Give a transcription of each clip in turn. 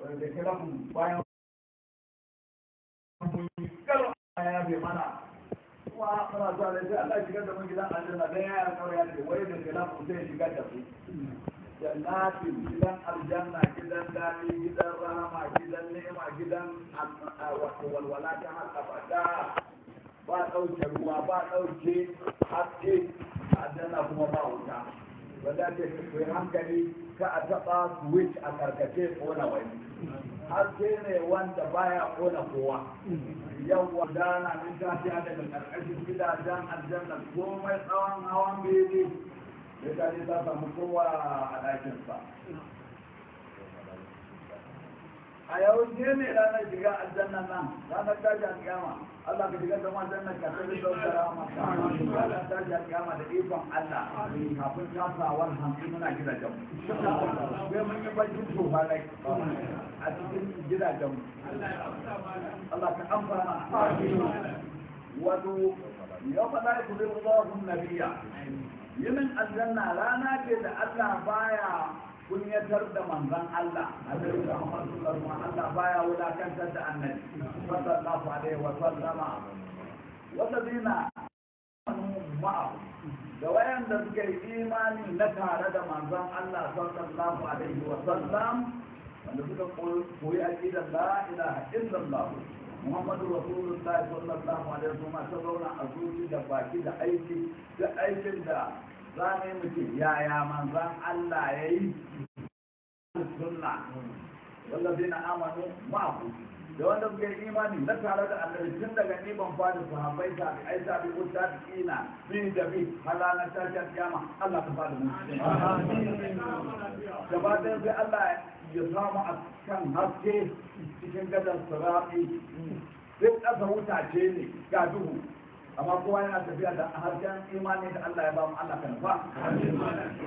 wanda kira bayan kar ya bai mana kuma muna zuwa da sai Allah shigar da mun gidan aljanna dan ya yarda kawai ya ce wai da kira mu sai shigar da su jannatin gidan aljanna gidan dadi gidan rahama gidan ni'ima gidan walwala ta har abada ba ɗauke ruwa ba ɗauke haske aljanna kuma ba wuta wadanda za ta hankali ka a taɓa switch a karkace kona wani sai ne wanda baya kona kowa yawwa dana min ta daga karkashin gidajen aljanna komai tsawon hawan bene ya ta ta samu kowa a ɗakinsa a yau shi ne ranar shiga aljannan nan ranar tashi a kiyama Allah ka shiga zama aljannan ka sai da karama ranar tashi a kiyama da ikon Allah kafin tasawar hamsin muna gidajen mu sai mun yi bakin tofanai a cikin gidajen mu Allah ka amfana wato yau fa la yuzilu Allahu nabiyya yimin aljanna rana ce da Allah baya kunyatar da manzan Allah annabi Muhammad sallallahu alaihi Allah baya wulakantar da annabi sallallahu alaihi wa sallama wallazina ma'ahu da wayanda suka yi imani na tare da manzon Allah sallallahu alaihi wa sallam wanda suka koyi aqidar la ilaha illallah Muhammadu Rasulullahi sallallahu alaihi wa sallam ta zauna a zuci da baki da aiki da aikin da za mu yi mutum yaya manzan Allah ya yi sunna wanda zai na amanu ku da wanda suka yi imani na tare da annabi daga niman fadi su hambai sabi ai sabi wuta da ina biyu da bi halalan tashar kiyama Allah ta fadi mu gaba ɗaya sai Allah ya samu a kan haske cikin gadar sarafi sai ƙasa wuta ce ne ga duhu amma kowa yana tafiya da hasken imani da Allah ya ba mu Allah kan fa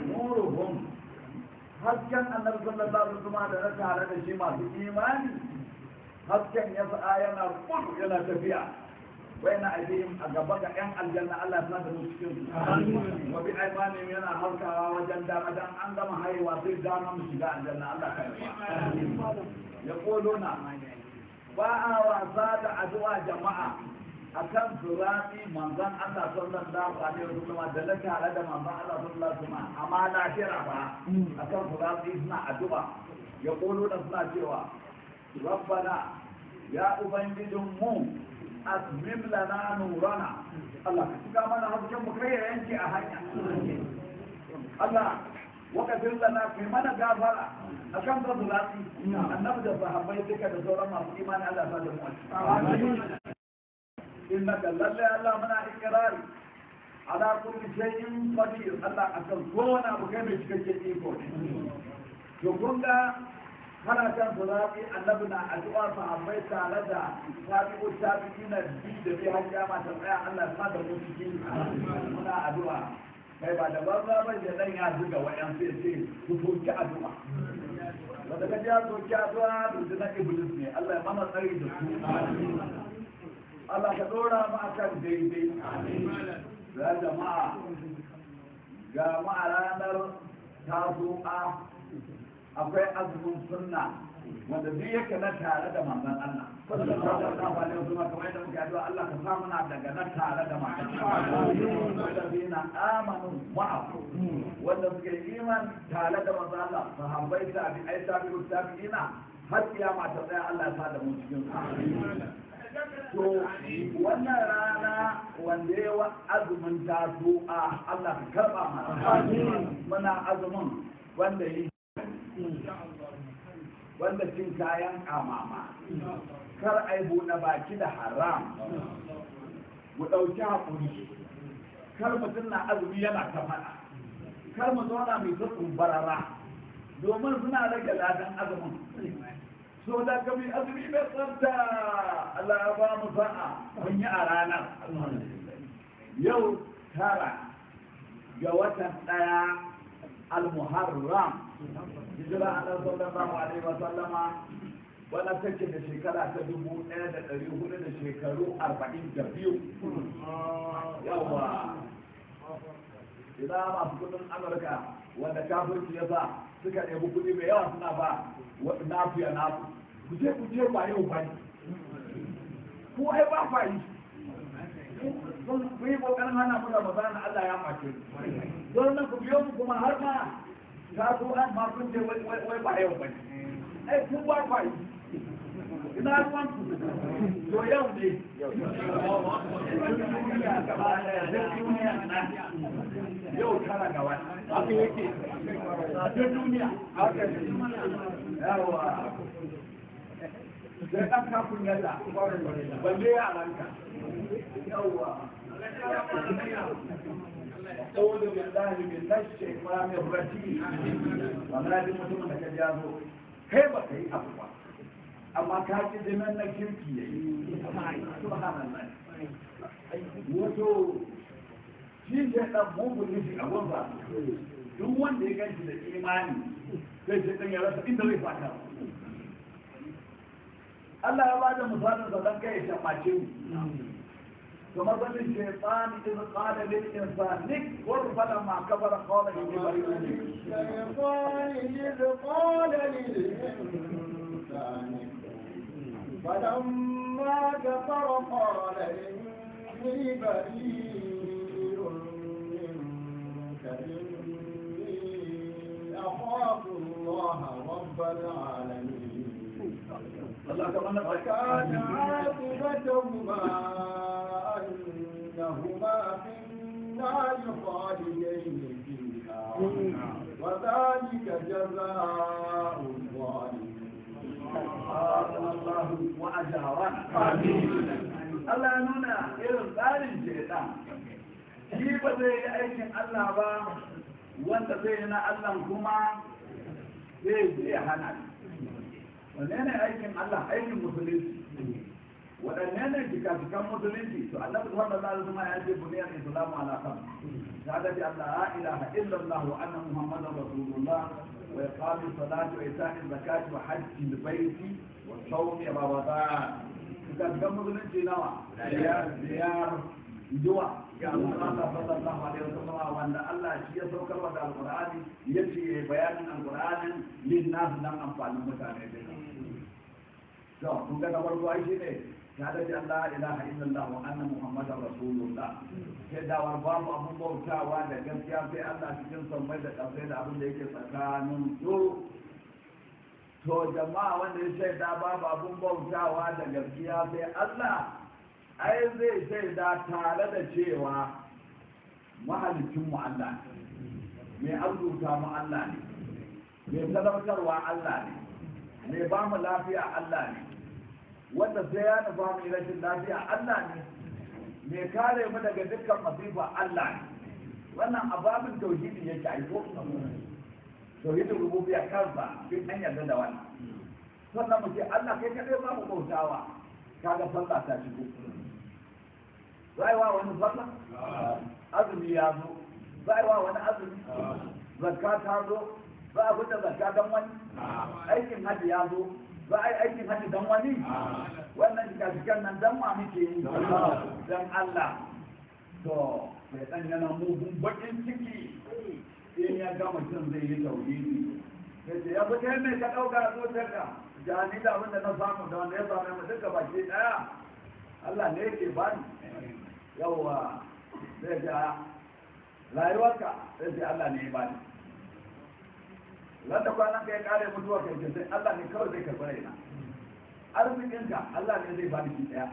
nuruhum hasken annabi sallallahu alaihi wasallam da na tare da shi masu imani hasken ya fa yana kullu yana tafiya wayan ajim a gaba ga yan aljanna Allah ya sanar da mu cikin su wa bi aymanihim yana halkawa wajen da madan an gama haihuwa sai da mu shiga aljanna Allah ka fa ya kolona ba a wasa da addu'a jama'a akan zurafi manzan Allah sallallahu alaihi wasallam da na tare da manzan Allah sallallahu alaihi wasallam amma na kira ba akan zurafi suna addu'a ya kono da suna cewa rabbana ya ubangijin mu azmim lana nurana Allah ka cika mana hakkin mu kai yanki a hanya Allah wakafin lana kai mana gafara a kan turabi hmm. annabi da sahabbai duka da sauran masu imani Allah ya sa da mu innaka lalle Allah muna ikirari ala kulli shay'in a kan akan na abu kai mai cikakken iko to kun ga kana kan salati annabi na addu'a sahabbai tare da tabi'u tabi'ina bi da bi har kiyama ta tsaya Allah ya da mu cikin muna addu'a kai ba da banza ba da dan ya zuga wayan sai ce ku soki addu'a wanda kaje ya soki addu'a da na iblis ne Allah ya mana tsari da su Allah ka dora mu akan daidai da jama'a ga ranar tazu'a akwai azumin sunna wanda duk yake na tare da manzon Allah Wanda suke iman tare da maza Allah su amanu ma'ahu wanda suke iman tare da manzon har kiyama mata tsaya Allah ya sa da mu cikin to wannan rana wanda wa azumin ta zo a Allah ka karba mana muna azumin wanda yi wanda cin kayan kamama kar ai na baki da haram mu ɗauki haƙuri kar mu tunna azumi yana ta faɗa kar mu zauna mai ta barara domin suna rage ladan azumin sau da ka bi azumi mai tsanta Allah ya ba mu sa'a mun yi a ranar yau tara ga watan ɗaya al-muharram hijira Allah sallallahu alaihi wa sallama wadda take da shekara ta dubu ɗaya da ɗari hudu da shekaru arba'in da biyu yawa idan masu kudin amurka wanda kafirci ya sa suka ɗebi kuɗi mai yawa suna ba naku ya naku ku je kwa je ba yau ba kwa ko ai ba fa yi na yi kokarin hana mu ramadan Allah ya mace don na ku biyo mu kuma har ma ga ko an ma kun je wai ba yau ba ne ai ku ba Hebat, hebat, hebat. amma ka ci zaman na kirki ya yi wato shi shi ɗan mugun nufi a gwamba duk wanda ya ganci da imani zai shi ɗan ya rasa inda zai fata Allah ya bada misalin sa don kai ya shamace mu kamar wani shaitan in qala lil insan nik qur fala ma kabara qala inni bari'un shaitan in qala lil insan فلما كفر قال إني بريء منك إني أخاف الله رب العالمين فكان عاقبتهما أنهما في النار خالدين فيها وذلك جزاء الله وأجارنا Allah ya nuna irin tsarin shaitan shi ba zai yi aikin Allah ba wanda zai yi na Allah kuma zai zai hana wanne ne aikin Allah aikin musulunci waɗanne ne jikajikan musulunci to Allah subhanahu wa ta'ala kuma ya ce buniyar islamu ala kan ta da Allah la ilaha illallah wa anna muhammadar rasulullah وإقام الصلاة وإيتاء الزكاة وحج البيت وصوم رمضان إذا تجمد من نوع زيار زيار جوا يا الله صلى الله عليه وسلم وأن الله شيء سوكر ودى القرآن يجي بيان القرآن للناس لم أنفع المتابعين. So, kun ga na farko ai shahadati an la ilaha illallah wa anna muhammadar rasulullah shaidawar babu abin bautawa da gaskiya sai Allah cikin mai da ƙasai da abin da yake tsakanin su to jama'a wanda ya shaida babu abin bautawa da gaskiya sai Allah ai zai shaida tare da cewa mahalicin Allah ne mai arzuta mu Allah ne mai sadaukarwa Allah ne mai ba mu lafiya Allah ne wanda sai ya nufa mai rashin lafiya Allah ne mai kare mu daga dukkan masifa Allah ne wannan ababin tauhidi yake aiko tauhidin rububiya kansa sai an yarda da wannan sannan mu ce Allah kai kadai ba mu bautawa kaga sallah ta shigo Zaiwa wani fasa? azumi ya zo Zaiwa wani azumi zakka ta zo za a fita zakka don wani aikin hajji ya zo ba a yi aikin dan wani wannan jikajikan nan dan ma muke yi dan Allah to sai dan yana mugun bakin ciki in ya gama jin zai yi tauhidi sai ce ya fita ne ka dauka a zuciyarka jani da abin da na samu da wanda ya samu mu duka baki daya Allah ne yake bani yawa sai ga rayuwarka sai Allah ne ya bani landa kwana ka ya kare mutuwa kai ke sai Allah ne kawai zai karɓi raina arzikinka Allah ne zai bani shi daya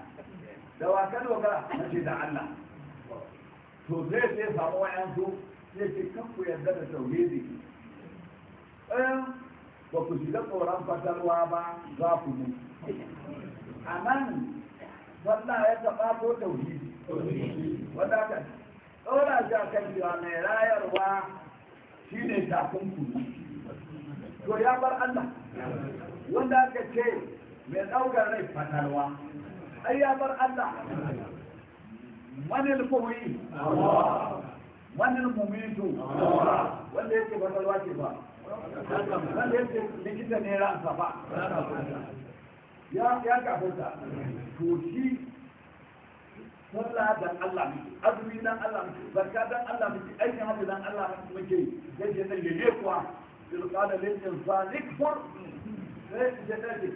da wakan dogara na ce da Allah to zai sai samu wayansu sai ce kan ku yarda da tauhidi ɗayan ba ku shiga tsoron fatalwa ba za ku mu a nan wannan ya taɓa ko tauhidi wadda ka ɗora shi a kan cewa mai rayarwa shi ne to ya bar Allah wanda aka ce mai ɗaukar rai fatarwa ai ya bar Allah manil kuhi manil mumitu wanda yake fatarwa ke ba wanda yake likita ne ransa ba ya kafinta to shi sallah dan Allah muke azumi dan Allah muke zakka dan Allah muke aikin hajji dan Allah muke yace dan ne kuwa إذ للإنسان اكفر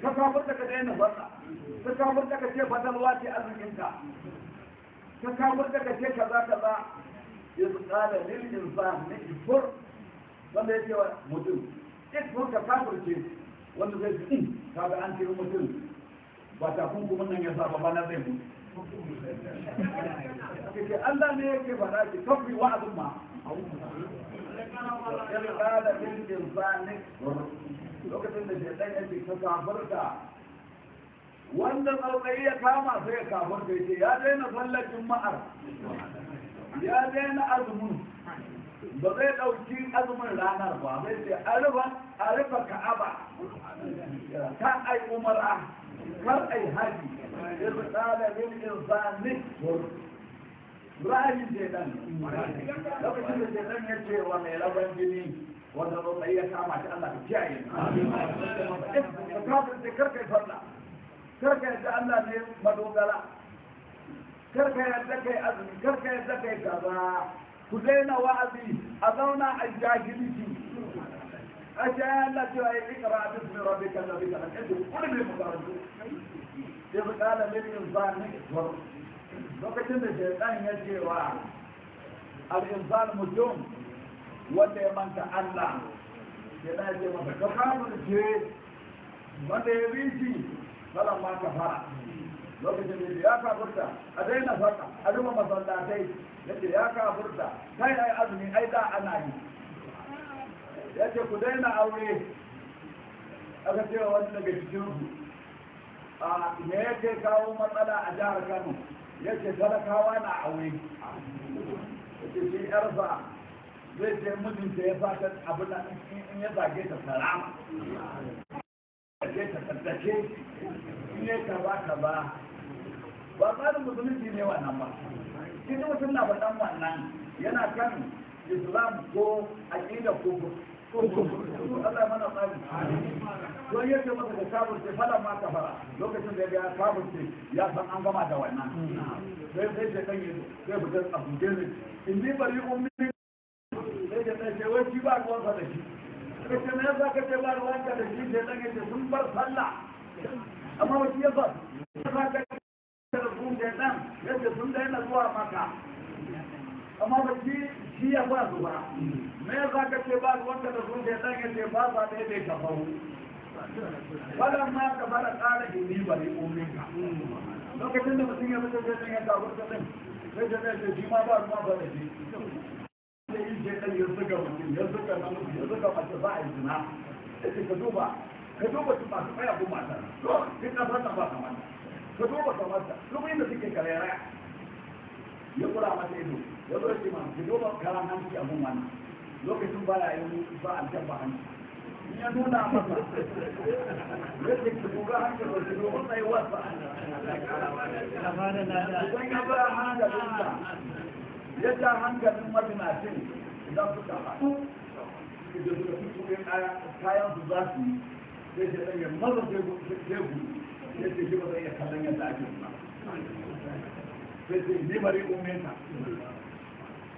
ka kafurta ka daina fasa ce fatalwa ce arzikinka ka kafurta ka ce kaza kaza ya tsada lil insan na ikfur wanda ya ce wa mutum ikfur ka kafurce wanda zai ci hmm, ka ga mutum ya Allah ne yake faɗa da lokacin da shaitan ya ce ka kafarta wanda tsautsayi ya kama sai ya kafarta ya ce ya daina sallar juma'ar ya daina azumin ba zai ɗauki azumin ranar ba zai ce a rufa ka'aba ta ai umara kar ai haji ya tsada min insani ra'ayin shaidan lokacin da shaidan ya ce wa mai rabon jini wanda rotsai ya kama shi Allah ka kiyaye ka kafin sai karka yi farla karka yadda Allah ne madogara karka yadda kai azumi karka yadda kai kaza ku daina wa'azi a zauna a jahilci a shayar Allah cewa ya ikra bismi rabbika alladhi khalaq kullu bi mudarrab sai ka kala min insani lokacin da shaitan ya ce wa al'insan mutum wanda ya manta Allah shaitan na ce masa ka kafirce wanda ya bi shi ma ka fara lokacin da ya kafurta a daina faka a zuma masallatai yace ya kafurta kai ai azumi ai da ana yi yace ku daina aure aka ce wani daga cikin ku a me yake kawo matsala a jihar Kano ya talakawa na aure ya ce shi yarsa zai ce mijinta ya fata abin da in ya zage ta sarama zage ta tattace in ya kaza kaza ba tsarin musulunci ne wannan ba shi ne mutum na faɗan wannan yana kan islam ko aƙida ko Allah mana yake masa da ma ta fara lokacin da ya sabon ce ya san an gama da wannan sai sai ce kan yanzu sai a ne in ni bari ummi sai sai ce wai shi ba ruwan sa da shi sai ce yasa ka ce ba ruwan ka da shi sai dan sun bar sallah amma ya ka da da dan sun daina zuwa maka amma ba shi shi ya ba su ba me yasa ka ce ba wanda da sun ke dan yace ba ba da yake ka bawo wannan ma ka fara tsara gini ba ne umin ka lokacin da mutum ya fito zai dan yace abu da nan sai da yace shi ma ba ruwa ba da shi da yin je dan ya zuga mutum ya zuga nan ya zuga mace ba a yi zina sai ka duba ka duba su masu tsaya ko mata to kin na fata ba kamar ka duba kamar ta lokacin da suke karera ya kura masa ido ya zo ce ma ki duba karan hanci abun wani lokacin ba ya yi ba a jabba hanci in ya nuna masa ya ce ki duba hanci ba ki duba tsaye wasa idan ya ba hankalinsa ya ja hankalin mazinacin idan suka haɗu da suka fito kuɗin kayan su za su yi sai shi ɗanyen ya maza ya ce shi ba zai iya kallon yadda ake ba sai sai ni bari ummenta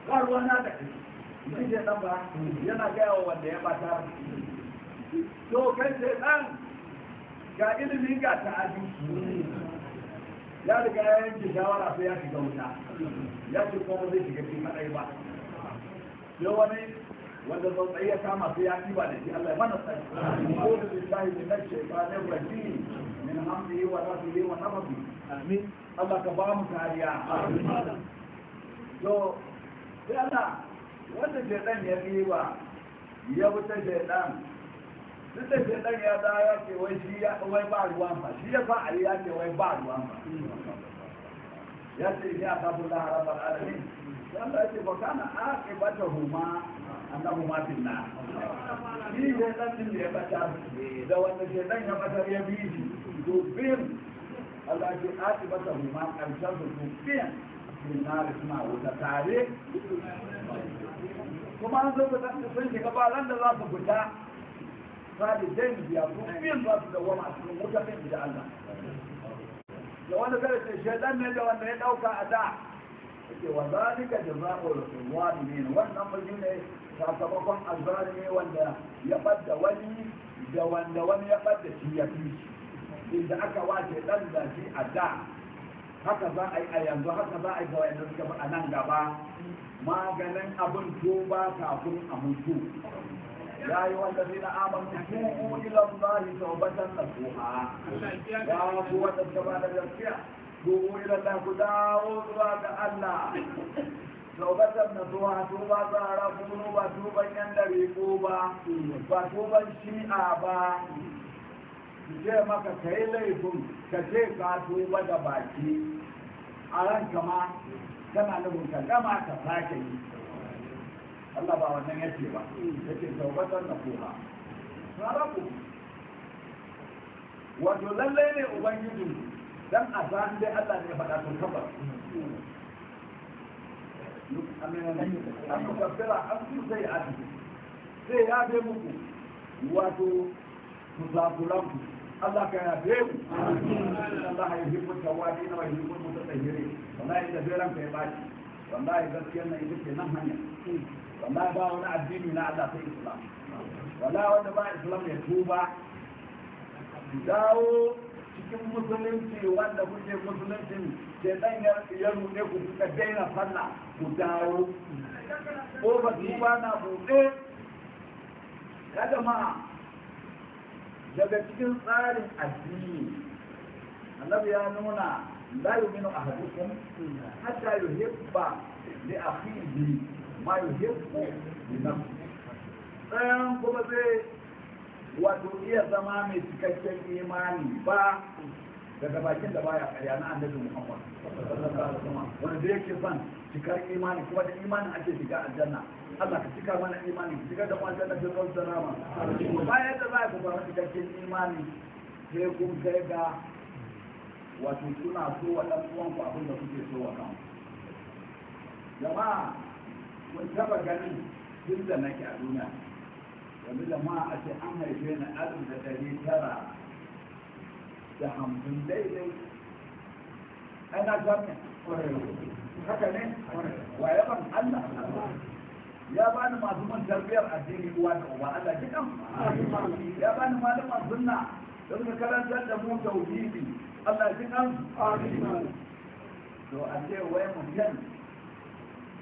ba ruwa na da kai shi ke nan ba yana gaya wa wanda ya bata to kai sai dan ga ilimi ga ta'adi ya riga ya yanke shawara sai ya shiga wuta ya ce kuma zai shiga cikin kadai ba sai wani wanda tsautsayi ya kama sai ya ɗiba da shi Allah ya mana tsari kodu billahi min ash-shaytanir rajim min hamdihi wa nafsihi wa nafsihi amin Allah ka ba mu kariya amin to sai Allah wanda shaytan ya ɗiba ya wuce shaytan duk da shaitan ya da ya ce wai shi ya wai ba ruwan fa shi ya fa ali ya ce wai ba ruwan fa ya ce ya kafu da harabar alamin Allah ya ce ba kana aqibatahu ma annahu ma fil na shi ne dan da ya bata da wanda ke dan ya bata ya bi shi to bin Allah ke atibata hu ma karshen su to bin fil na da suna wuta tare kuma an zo ka dan da sun shiga ba ran da za su fita sadi dai biya to bin ba su dawama a cikin wuta bin da Allah da wanda kada ce shedan ne da wanda ya dauka a da yake wa zalika jazaa'ul zalimin wannan fa ne sakamakon azalimi wanda ya badda wani da wanda wani ya badda shi ya fi shi inda aka wace dan shi a da haka za a yi a yanzu haka za a yi ga wanda suka a nan gaba maganin abin tuba kafin a mutu يا أيها الذين آمنوا tawbatan nasuha الله توبة نصوحا يا قوة da gaskiya tubu ila Allah ku dawo zuwa ga Allah taubatar na zuwa tuba tsara kuno ba tuban yan dare ko ba ba tuban shi'a ba je maka ka yi laifin ka je ka tuba da baki a ranka ma kana nufin ka gama ka sake yi Allah ba wannan yake ba yake taubatar na kuha tsara ku wato lallai ne ubangijinku dan a san dai Allah ne ya faɗa to tabbas an mukabbira an su sai adi sai ya bai muku wato musafuranku Allah ka yafe mu Allah ya yi mutu tawadi na wani mutu mutu tsahire wallahi da zai ranka ya baci wallahi gaskiyar nan ita ce nan hanya wallahi ba wani addini na Allah sai Islam wallahi wanda ba Islam ya tuba dawo cikin musulunci wanda kuke musulunci ke dan ya rune ku kuka daina falla ku dawo ko ba su ba na buɗe ya jama'a daga cikin tsarin addini annabi ya nuna la yu'minu ahadukum hatta yuhibba li akhihi ma yuhibbu li nafsihi tsayan kuma zai wato iya zama mai cikakken imani ba daga bakin da baya karya na annabi Muhammad wanda da yake son cikar imani kuma da imanin ake shiga aljanna Allah ka cika mana imani ka cika da mu aljanna da zama sarama bayan da za ku fara cikakken imani sai kun kai ga wato suna so wa dan uwanku abin da kuke so wa kan jama'a mun taba ganin duk da nake a duniya yanzu da ma a ce an haife na alif da ɗari tara da hamsin daidai ana samun haka ne wa ya ban Allah ya bani masu man tarbiyar addini uwa da uba Allah kidan ya bani malaman sunna don ka karantar da mu tauhidi Allah kidan to a ce wai mutum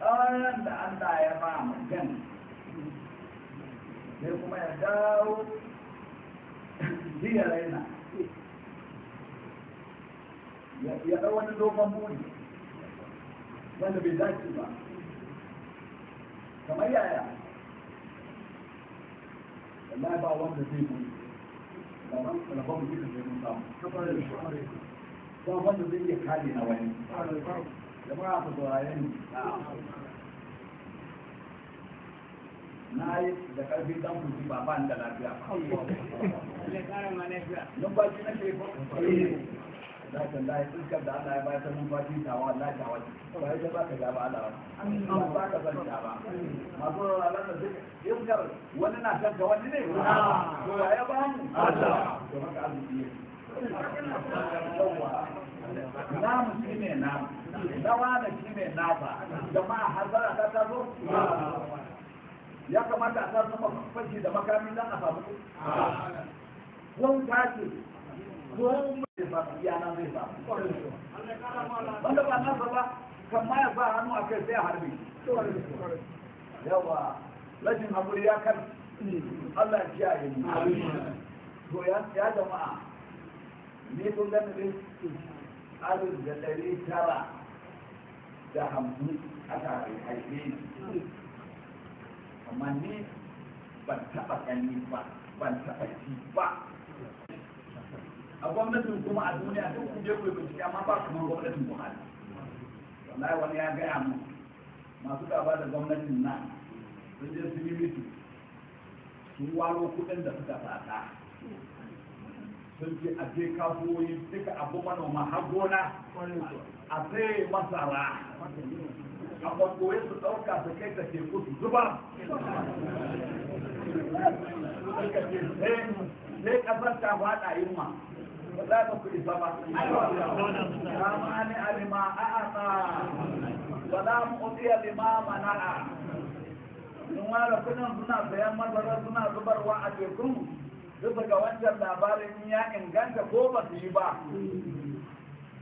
ayan da Allah ya ba mutum sai kuma ya dawo jiya raina ya ɗau wani dogon buri wanda bai dace ba kamar yaya wallahi ba wanda zai mun laban laban mu kika zai mun samu ba wanda zai iya kare na wani jama'a ku saurare ni na yi da karfi dan kuji ba ba da lafiya numfashi na ke da ya iskar da Allah ya ta numfashi Allah ta ba ya ba ka gaba Allah ba ba ka ta ba masu da iskar wani na wani ne ah. ya ba mu Allah to na shi ne jama'a ta kamata a samu sama fashi da makami dan a samu wauta ce komai ba ya na zai ba wanda ba na ba kamar ya ba hannu a kai sai a harbi yawa rashin haƙuri ya kan Allah ya kiyaye mu to ya jama'a ni kun ga ne alif da dare tara da hamsin aka haife ni amma ne ban taɓa gani ba ban taɓa ji ba a gwamnatin kuma a duniya duk kuje ku bincike amma ba kuma gwamnatin Buhari wallahi wani ya gaya mu masu gaba da gwamnatin nan sun je sun yi sun waro kuɗin da suka sata sun ce a je kafoyi duka abu manoma har gona a sai masara a kwakwai su ɗauka su kai ta teku su zuba eh, sai ƙasar ta faɗa yunwa ba za ka kuɗi ba ba ma ni alima a asa ba za mu ubiya lima a? in ware kuɗin suna sayan masara suna zubarwa a teku duk daga wancan labarin ya inganta ko ba su yi ba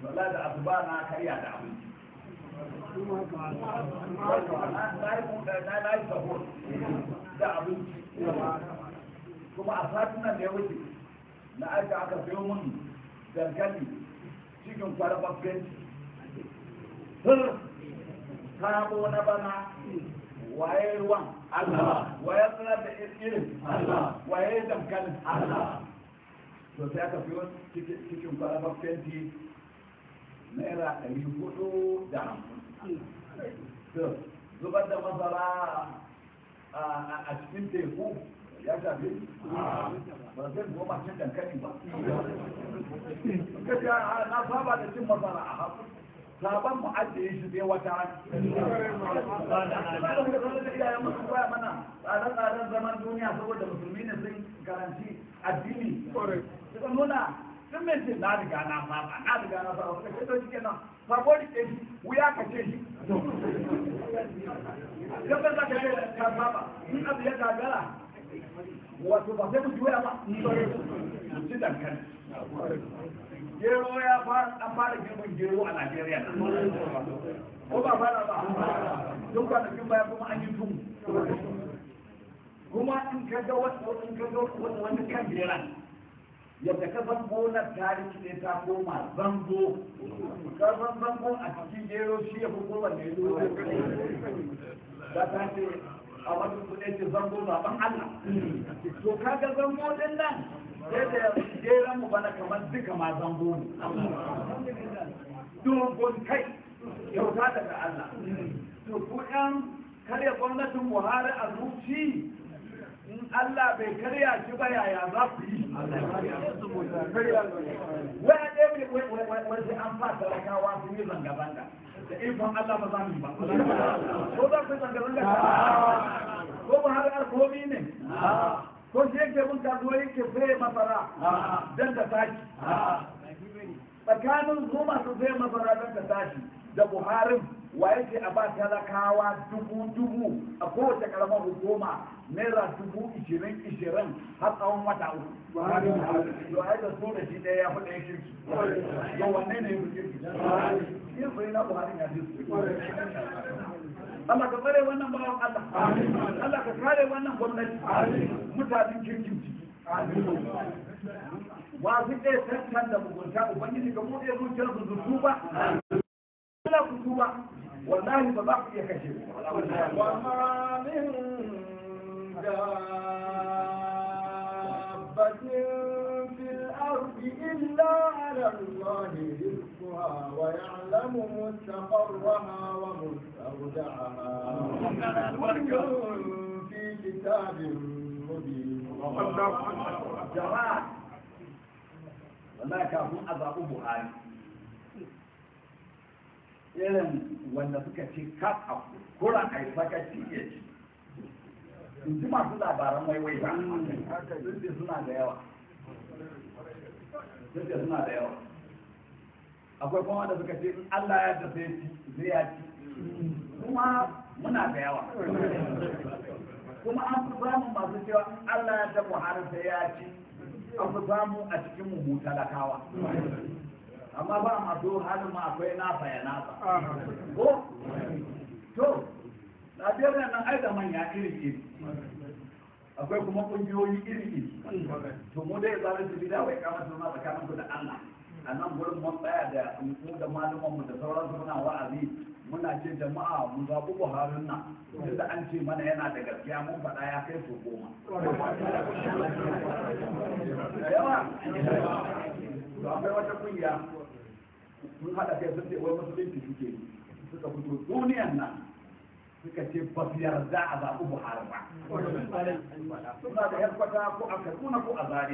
wala da asuba na karya da abu kuma a satin nan da ya wuce na aika aka sayo mun dankali cikin kwalabar fenti sabo na bana waye ruwan Allah waye sanar da irin Allah waye dankalin Allah to sai aka fiyo cikin kwalabar fenti naira ɗari hudu da hamsin zubar da masara a cikin teku ya shafi ba zai goma cin dankali ba a na saba da cin masara a haku Saban mu ajiye shi zai wata mana tsare-tsaren zaman duniya saboda musulmi ne sun karanci addini nuna sun mai ce na riga na fara na riga na fara kuma ke to shi kenan sabo da ke wuya ka ce shi don ka za ka ce ka fara in abu ya gagara wato ba sai mu juya ba mu ci dankali gero ya fara an fara girman gero a Najeriya ko ba fara ba don kwanakin baya kuma an yi tun. kuma in ka ga wani kan gera yadda ka zango na tarihi ne ta koma zango ka zan zango a cikin gero shi ya fi kowanne zo da ta ce a wani kuɗe ce zango zaɓen Allah to kaga zango din nan sai da geron mu bana kamar duka ma zango ne dogon kai kyauta daga Allah to ku ƴan karya gwamnatin Buhari a zuci Allah bai karya shi ba yaya za ku yi waya ɗaya ne wani an fa talakawa su yi zanga-zanga da ikon Allah ba za mu yi ba ko za ku yi zanga-zanga ko ba har alkomi ne ko shi yake mun kasuwa yake sai masara don ta tashi tsakanin su masu sai masara don ta tashi da buharin waye ce a ba talakawa dubu dubu a kowace karamar hukuma naira dubu ishirin ishirin har tsawon wata uku waye da so da shi ɗaya ya fi ɗaya kirki Yau wanne ne ya fi kirki yin sai na buhari ya ji Allah ka tsare wannan bawan Allah Allah ka kare wannan gwamnati mutanen kirkin wa su ɗaya tattan da mugunta ubangiji ka buɗe zuciyar su zutu ba Allah ku tuba والله ببقي كثير وما من دابة في الأرض إلا على الله رزقها ويعلم مستقرها ومستودعها كل في كتاب مبين جماعة وما كان أبا أبو هاني irin wanda suka ce cut a kuran a yi sakaci ya ci in ji masu labaran waiwai ba duk da suna da yawa duk suna da yawa akwai kuma wanda suka ce in Allah ya da zai ci zai ya ci kuma muna da yawa kuma an fi samun masu cewa Allah ya da Buhari sai ya ci an fi samu a cikin mu talakawa amma ba ma so halin ma akwai nafa ya nafa ko to Najeriya nan ai da manya iri iri akwai kuma kungiyoyi iri iri to mu dai zalim su bida wai kama su ma tsakanin ku da Allah a nan gurin mun tsaya da mu da malaman mu da sauran su muna wa'azi muna ce jama'a mu zaɓi Buharin nan duk da an ce mana yana da gaskiya mun faɗa ya kai su goma to yawa akwai wata kungiya sun haɗa kai sun wai musulunci suke yi suka fito duniyan nan suka ce ba su yarda a zaɓi Buhari ba. Suna da ko a Kaduna ko a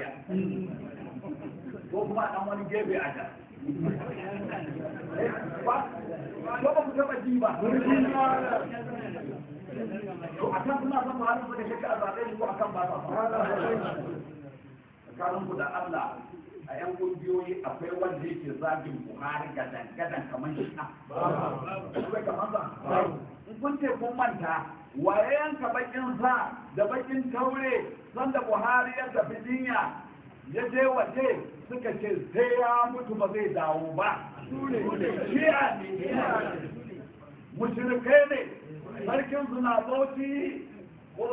Ko kuma a ɗan wani gefe a da. ba ku taɓa ji ba. To a kan suna Buhari shakka a zaɓe ko a kan ba ku da Allah a yan kungiyoyi akwai wanda yake zagin buhari gadan gadan kamar shi na akwai kamar ba in kun ce kun manta waye yanka bakin sa da bakin taure sanda buhari ya tafi jinya ya je waje suka ce sai ya mutu ba zai dawo ba shi'a ne mushrikai ne sarkin na bauchi ko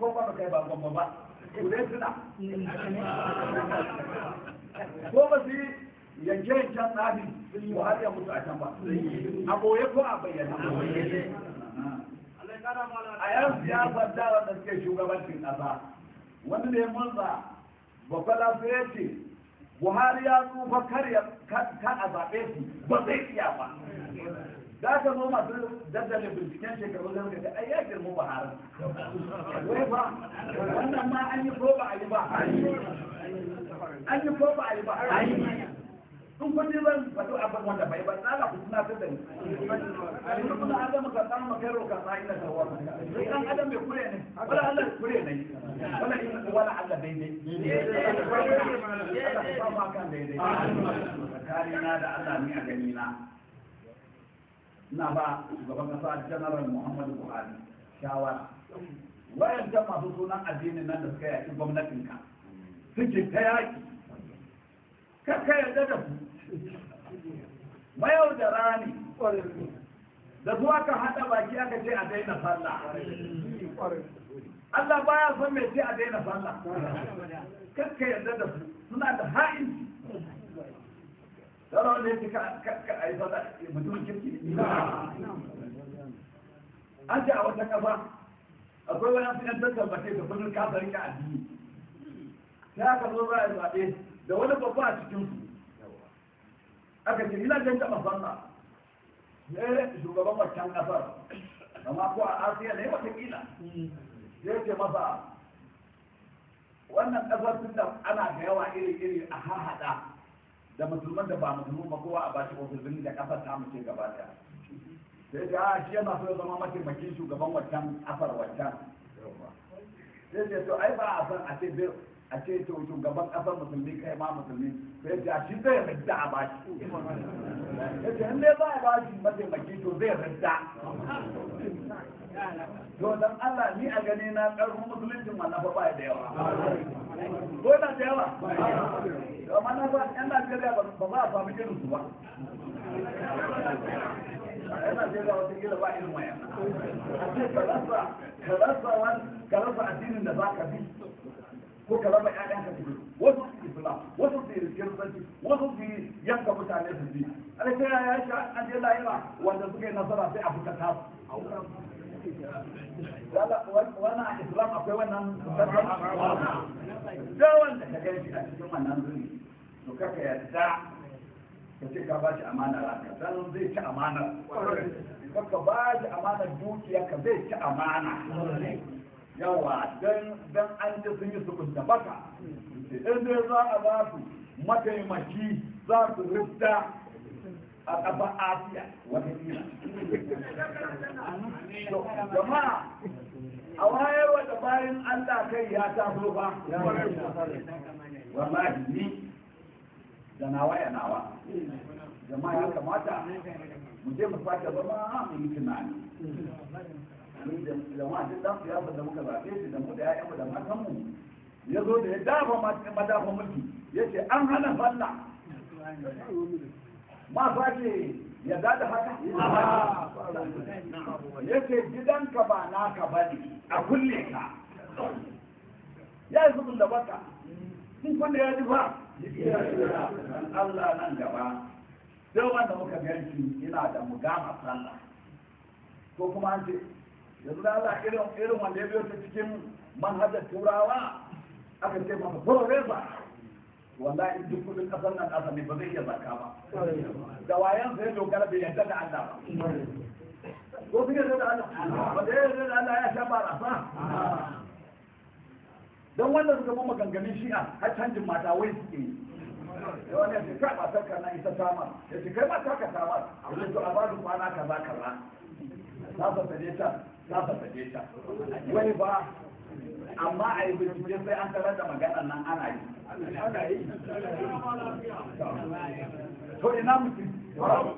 ko ba kai ba ba kudai ko ba su yanke can tsabi sun yi har ya mutu a can ba a boye ko a bayyana a yan siyasar da wanda suke shugabancin ƙasa wani ne ba, bakwala su ya ce buhari ya tsufa kar a zaɓe su ba zai iya ba za ka zo masu daddare binciken shekaru da ka ce ai ya girma baharin wai ba wannan ma an yi ko ba a ba an yi ko ba ba a yi kun ji ban ba duk abin wanda bai ba tsala ku suna da ni yanzu kuma an zama ka samu makairo ka sa ina da wani sai adam bai kure ne wala Allah kure ne wala in wala Allah daidai ne ya ma kan daidai tsakani na da Allah ni a gani na na ba shugaban kasa janaral muhammadu buhari shawara wayancan masu sunan addinin nan da suka yaki gwamnatinka suke ta yaki kakka yarda da su mayau da rani da zuwa kan haɗa baki aka ce a daina sallah Allah baya son mai ce a daina sallah kakka yarda da su suna da ha'inci sauran wanda ka a yi sauta mutumin kirki ne an ce a wata kafa akwai wani su yan tattar bace da kudin kafarin ka addini sai aka zo za a zaɓe da wani babba a cikin su aka ce ina jan taɓa banza ne shugaban wancan ƙasar amma ko a asiya ne watakila sai ce masa wannan ƙasar tun ana da yawa iri-iri a hahaɗa da musulman da ba musulman ba kowa a bashi ofisini da kasar ta mace gaba ta sai ga a ah, shi yana so zama mataimakin shugaban wancan kasar wancan sai ce to ai ba a san a ce a ce to shugaban kasar musulmi kai ma musulmi sai ce a shi zai rinda a bashi ya ce in dai ba a bashi mataimaki to zai rinda to dan Allah ni a gani na karu musulmin wannan fa ba da yawa ko yana da yawa amma na ba yan Najeriya ba za a samu irin su ba yan Najeriya wata kila ba irin waya a ce ka rasa ka rasa wani ka rasa addinin da za ka bi ko ka raba ƴaƴan ka biyu wasu su islam wasu su yi kiristanci wasu su yi yanka mutane su bi alaka ya ya shi an je lahira wanda suka yi nasara sai a fita tasu wannan islam akwai wannan da wanda ka gan shi a cikin wannan zuri to kaka yarda ka ce ka ba shi amana ranka dan zai ci amana kaka ba shi amana dukiya ka zai ci amana yawa dan dan an ji sun yi sukunta baka in dai za a ba su mataimaki za su rufta a ƙafa asiya wata kila jama'a a wayar wata bayan Allah kai ya taso ba wallahi ni da nawa ya nawa jama'a ya kamata mu je mu fata ba ma mu yi tunani jama'a duk dan siyasa da muka zaɓe shi da mu da ƴaƴanmu da matanmu ya zo da ya dafa madafa mulki ya ce an hana falla ma sake yadda da haka yace gidanka ba naka ba ne a kulle ka ya yi zubin da baka sun kunne ya ji ba Allah nan gaba sai wanda muka ganci ina da mugama sallah ko kuma an ce yanzu da Allah irin irin wanda ya biyo ta cikin manhajar turawa aka ce masa professor wallahi duk kudin kasar nan nasa ne ba zai iya zaka ba da wayan sai dogara bai yarda da Allah ba ko suke yarda da Allah ba da yarda da Allah ya sha barasa Don wanda suka bi gangamin shi'a har canjin mata wai suke yi da wani yace kai matar ka na ita sama yace kai matar ka sama amma to a ba bada kwana kaza kaza ta ta je ta ta ta je ta wani ba amma a yi bincike sai an karanta da maganar nan ana yi to ina mutum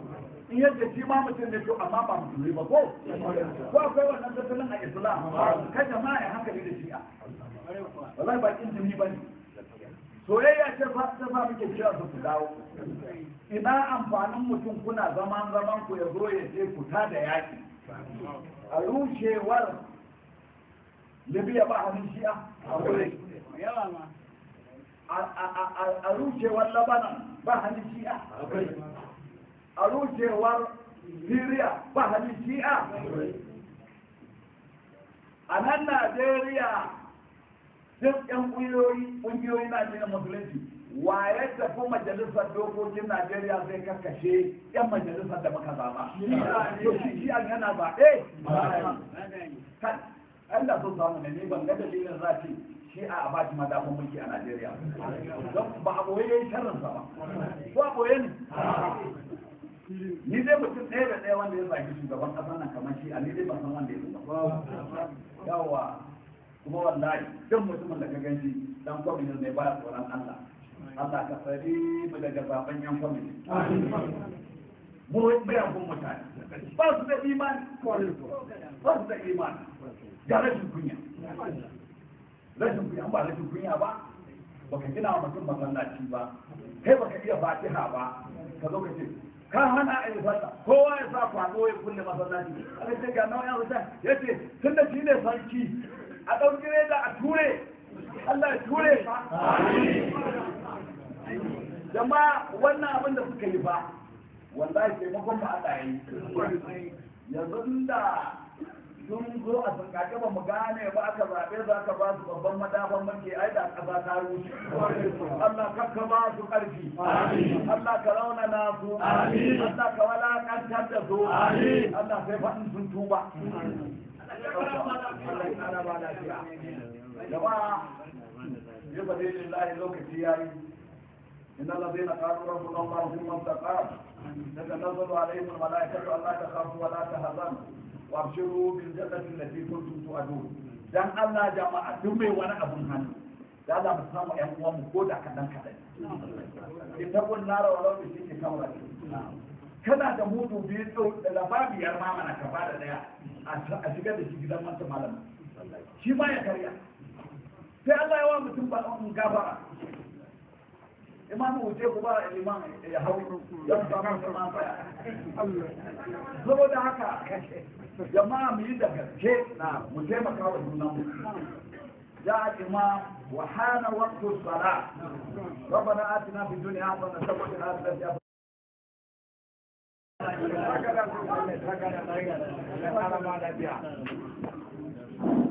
in yadda shi ma mutum ne to amma ba ne ba ko ko akwai wannan tattalin a islam kai jama'a ya hankali da shi'a wallahi ba kin jini ne. soyayya ce fa ta sa muke cewa su ku dawo ina amfanin mutum kuna zaman zaman ku ya zo ya je ku ta da yaki a rushewar libya ba hannun shi'a a rucewar labanan ba hannun shi'a a rucewar syria ba hannun shi'a a nan najeriya duk yan ƙungiyoyi ƙungiyoyi na jina musulunci wa ya tafi majalisar dokokin najeriya zai karkashe yan majalisar da muka zaba shi shi an yana zaɓe Allah da so samu ne ban ga dalilin rafi shi a ba shi madafin mulki a Najeriya don ba a boye sharrin sa ba ko a boye ne ni dai mutum ɗaya da ɗaya wanda ya zaki shugaban ƙasar nan kamar shi a ni dai ban san wanda ya zuba yawa kuma wallahi duk mutumin da ka gan shi dan kwamitin ne baya tsoron Allah Allah ka tsari mu daga zaben yan kwamitin mu bayan mutane ba su da imani ba su da imani da rashin kunya rashin kunya ba rashin kunya ba baka gina wa mutum masallaci ba kai baka iya fatiha ba ka zo ka ce ka hana a yi sallah kowa ya sa kwano ya kulle masallaci aka ce ga nawa ya wuta ya ce tun da shi ne sarki a ɗauki reza a ture Allah ya ture ka jama'a wannan abin da suka yi ba ya taimakon ba Allah ya yi yanzu da sun zo a tsankace ba mu gane ba aka zaɓe za ka ba su babban madafan mace ai da ƙasa ta rushe Allah ka ka ba su ƙarfi Allah ka rauna na su Allah ka walakantar da su Allah sai faɗin sun tuba jama'a ya faɗe lillahi lokaci ya yi إن الذين قالوا ربنا الله ثم استقاموا تتنزل عليهم الملائكة ألا تخافوا ولا تهزموا wabshiru bil jannati allati kuntum tu'adun dan Allah jama'a duk mai wani abun hannu da Allah mu samu ƴan uwan mu ko da kadan kadan ita kun nara wa rabbi shi ke kawra kana da mudu bi tsau da lababiyar ma mana ka da daya a shiga da shi gidan manta malam shi ma ya karya sai Allah ya wa mutum ba um, gafara imamu wuce ku ba liman ya hau ya samu zaman baya saboda haka jama'a mu yi da gaske mu taimaka wa junan mu جاء الإمام وحان وقت الصلاة ربنا آتنا في الدنيا حسنة وفي الآخرة حسنة